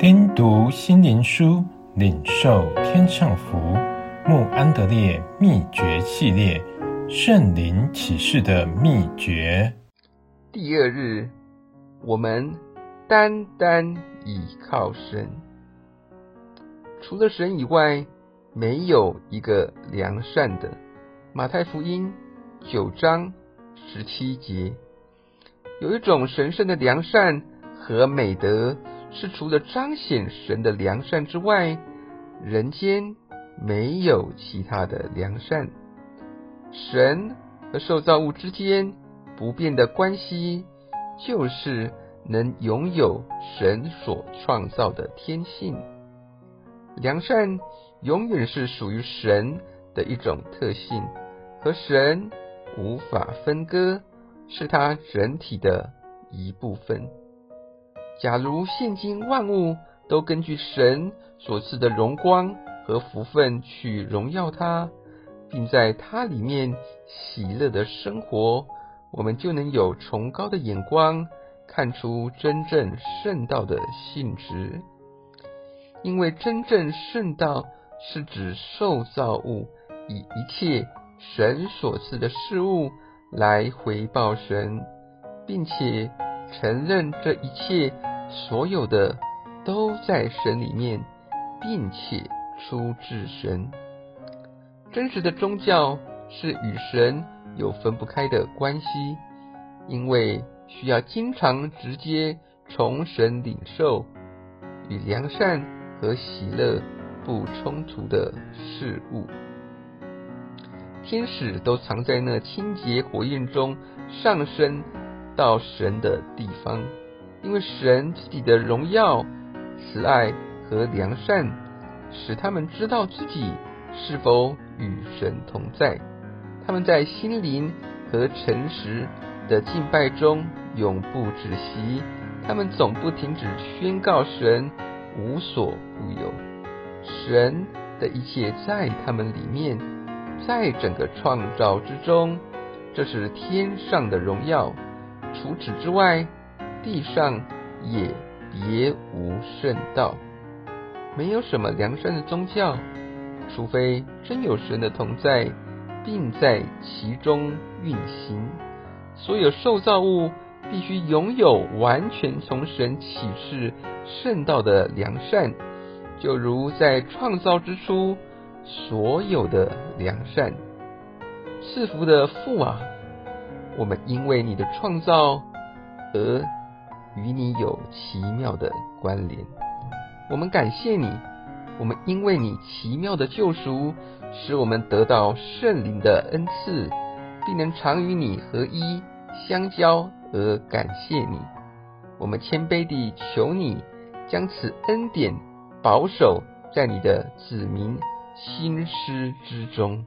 聽讀心靈書，領受天上福。穆安德烈秘訣系列《聖靈啟示的秘訣》。第二日，我們單單倚靠神。除了神以外，沒有一個良善的。馬太福音九章十七節，有一種神聖的良善和美德。是除了彰顯神的良善之外，人間沒有其他的良善。神和受造物之間不變的關係，就是能擁有神所創造的天性。良善永遠是屬於神的一種特性，和神無法分割，是他整體的一部分。假如現今萬物都根據神所賜的榮光和福分去榮耀他，並在他裡面喜樂的生活，我們就能有崇高的眼光看出真正聖道的性質。因為真正聖道是指受造物以一切神所賜的事物來回報神，並且。承認這一切，所有的都在神裡面，並且出自神。真實的宗教是與神有分不開的關係，因為需要經常直接從神領受與良善和喜樂不衝突的事物。天使都藏在那清潔火焰中上升。到神的地方，因為神自己的榮耀、慈愛和良善，使他們知道自己是否與神同在。他們在心靈和誠實的敬拜中永不止息，他們總不停止宣告神無所不有，神的一切在他們裡面，在整個創造之中。這是天上的榮耀。除此之外，地上也別無聖道，沒有什麼良善的宗教，除非真有神的同在，並在其中運行。所有受造物必須擁有完全從神啟示聖道的良善，就如在創造之初所有的良善。賜福的父啊！我們因為你的創造而與你有奇妙的關聯，我們感謝你。我們因為你奇妙的救贖，使我們得到聖靈的恩賜，並能常與你合一相交，而感謝你。我們謙卑地求你將此恩典保守在你的子民心思之中。